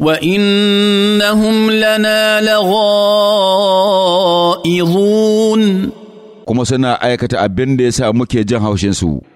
وانهم لنا لغائظون kuma suna aikata abin da ya sa muke jin haushinsu